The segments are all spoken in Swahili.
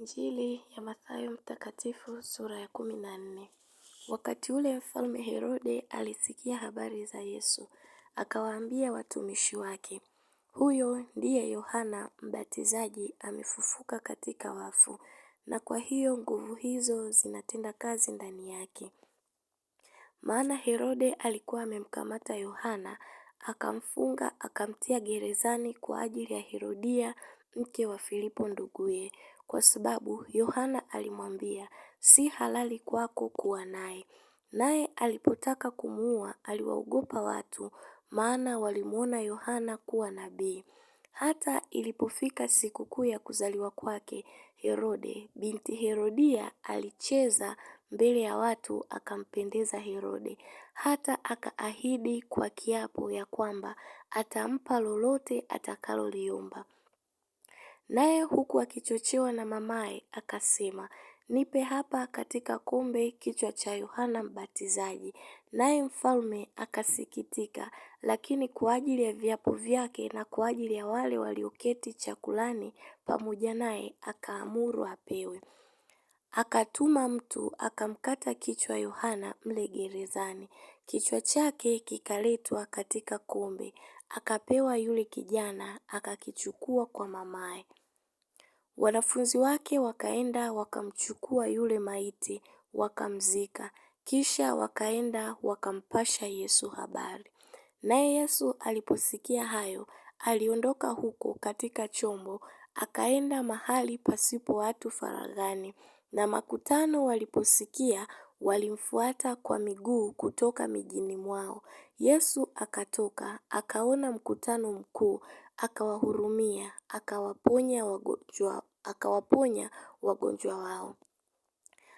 Injili ya Mathayo Mtakatifu sura ya kumi na nne. Wakati ule Mfalme Herode alisikia habari za Yesu, akawaambia watumishi wake, huyo ndiye Yohana Mbatizaji amefufuka katika wafu, na kwa hiyo nguvu hizo zinatenda kazi ndani yake. Maana Herode alikuwa amemkamata Yohana, akamfunga, akamtia gerezani kwa ajili ya Herodia mke wa Filipo nduguye, kwa sababu Yohana alimwambia, si halali kwako kuwa naye. Naye alipotaka kumuua, aliwaogopa watu, maana walimwona Yohana kuwa nabii. Hata ilipofika sikukuu ya kuzaliwa kwake, Herode binti Herodia alicheza mbele ya watu, akampendeza Herode, hata akaahidi kwa kiapo ya kwamba atampa lolote atakaloliomba. Naye huku akichochewa na mamaye akasema, nipe hapa katika kombe kichwa cha Yohana Mbatizaji. Naye mfalme akasikitika, lakini kwa ajili ya viapo vyake na kwa ajili ya wale walioketi chakulani pamoja naye akaamuru apewe. Akatuma mtu akamkata kichwa Yohana mle gerezani. Kichwa chake kikaletwa katika kombe, akapewa yule kijana, akakichukua kwa mamaye. Wanafunzi wake wakaenda wakamchukua yule maiti wakamzika. Kisha wakaenda wakampasha Yesu habari. Naye Yesu aliposikia hayo, aliondoka huko katika chombo, akaenda mahali pasipo watu faraghani. Na makutano waliposikia, walimfuata kwa miguu kutoka mijini mwao. Yesu akatoka, akaona mkutano mkuu, akawahurumia, akawaponya wagonjwa akawaponya wagonjwa wao.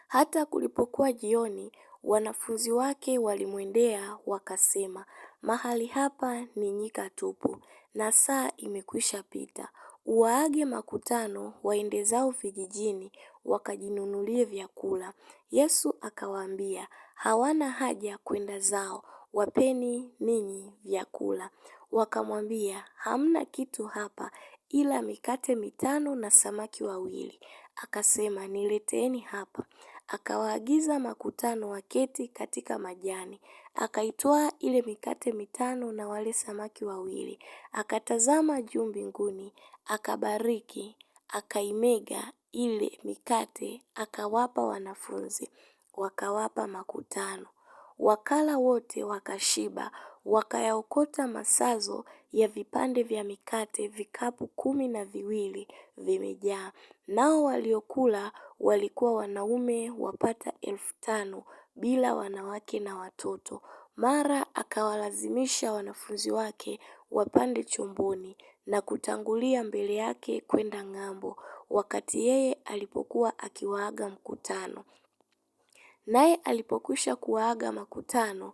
Hata kulipokuwa jioni, wanafunzi wake walimwendea wakasema, mahali hapa ni nyika tupu na saa imekwisha pita, uwaage makutano waende zao vijijini wakajinunulie vyakula. Yesu akawaambia, hawana haja kwenda zao, wapeni ninyi vyakula. Wakamwambia, hamna kitu hapa, ila mikate mitano na samaki wawili. Akasema, nileteeni hapa. Akawaagiza makutano waketi katika majani. Akaitwaa ile mikate mitano na wale samaki wawili, akatazama juu mbinguni, akabariki, akaimega ile mikate, akawapa wanafunzi, wakawapa makutano. Wakala wote wakashiba, wakayaokota masazo ya vipande vya mikate vikapu kumi na viwili vimejaa, nao waliokula walikuwa wanaume wapata elfu tano bila wanawake na watoto. Mara akawalazimisha wanafunzi wake wapande chomboni na kutangulia mbele yake kwenda ng'ambo, wakati yeye alipokuwa akiwaaga mkutano. Naye alipokwisha kuaga makutano,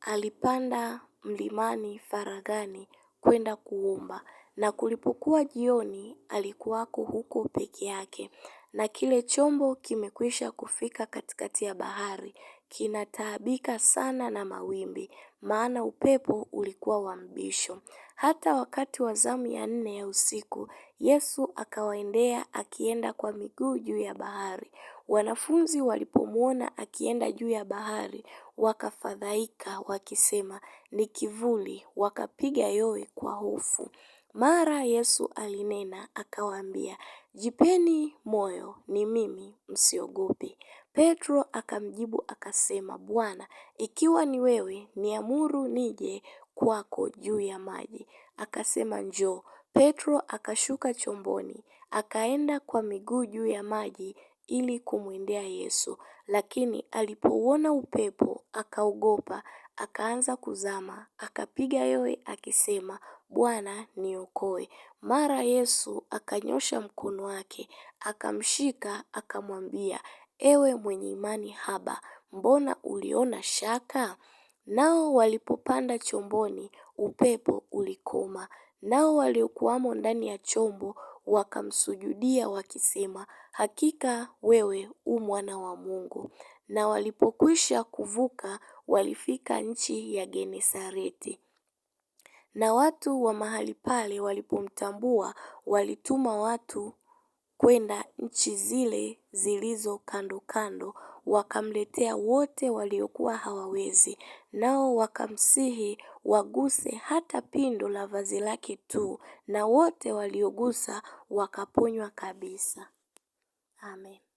alipanda mlimani faragani kwenda kuomba, na kulipokuwa jioni alikuwako huko peke yake, na kile chombo kimekwisha kufika katikati ya bahari kinataabika sana na mawimbi, maana upepo ulikuwa wa mbisho. Hata wakati wa zamu ya nne ya usiku, Yesu akawaendea akienda kwa miguu juu ya bahari. Wanafunzi walipomwona akienda juu ya bahari, wakafadhaika wakisema, ni kivuli, wakapiga yowe kwa hofu. Mara Yesu alinena, akawaambia, jipeni moyo, ni mimi, msiogope. Petro akamjibu akasema, Bwana, ikiwa ni wewe, niamuru nije kwako juu ya maji. Akasema, Njoo. Petro akashuka chomboni, akaenda kwa miguu juu ya maji ili kumwendea Yesu. Lakini alipouona upepo, akaogopa, akaanza kuzama, akapiga yowe akisema, Bwana, niokoe. Mara Yesu akanyosha mkono wake, akamshika, akamwambia, Ewe mwenye imani haba, mbona uliona shaka? Nao walipopanda chomboni, upepo ulikoma. Nao waliokuwamo ndani ya chombo wakamsujudia wakisema, Hakika wewe u mwana wa Mungu. Na walipokwisha kuvuka, walifika nchi ya Genesareti. Na watu wa mahali pale walipomtambua, walituma watu kwenda nchi zile zilizo kando kando, wakamletea wote waliokuwa hawawezi, nao wakamsihi waguse hata pindo la vazi lake tu, na wote waliogusa wakaponywa kabisa. Amen.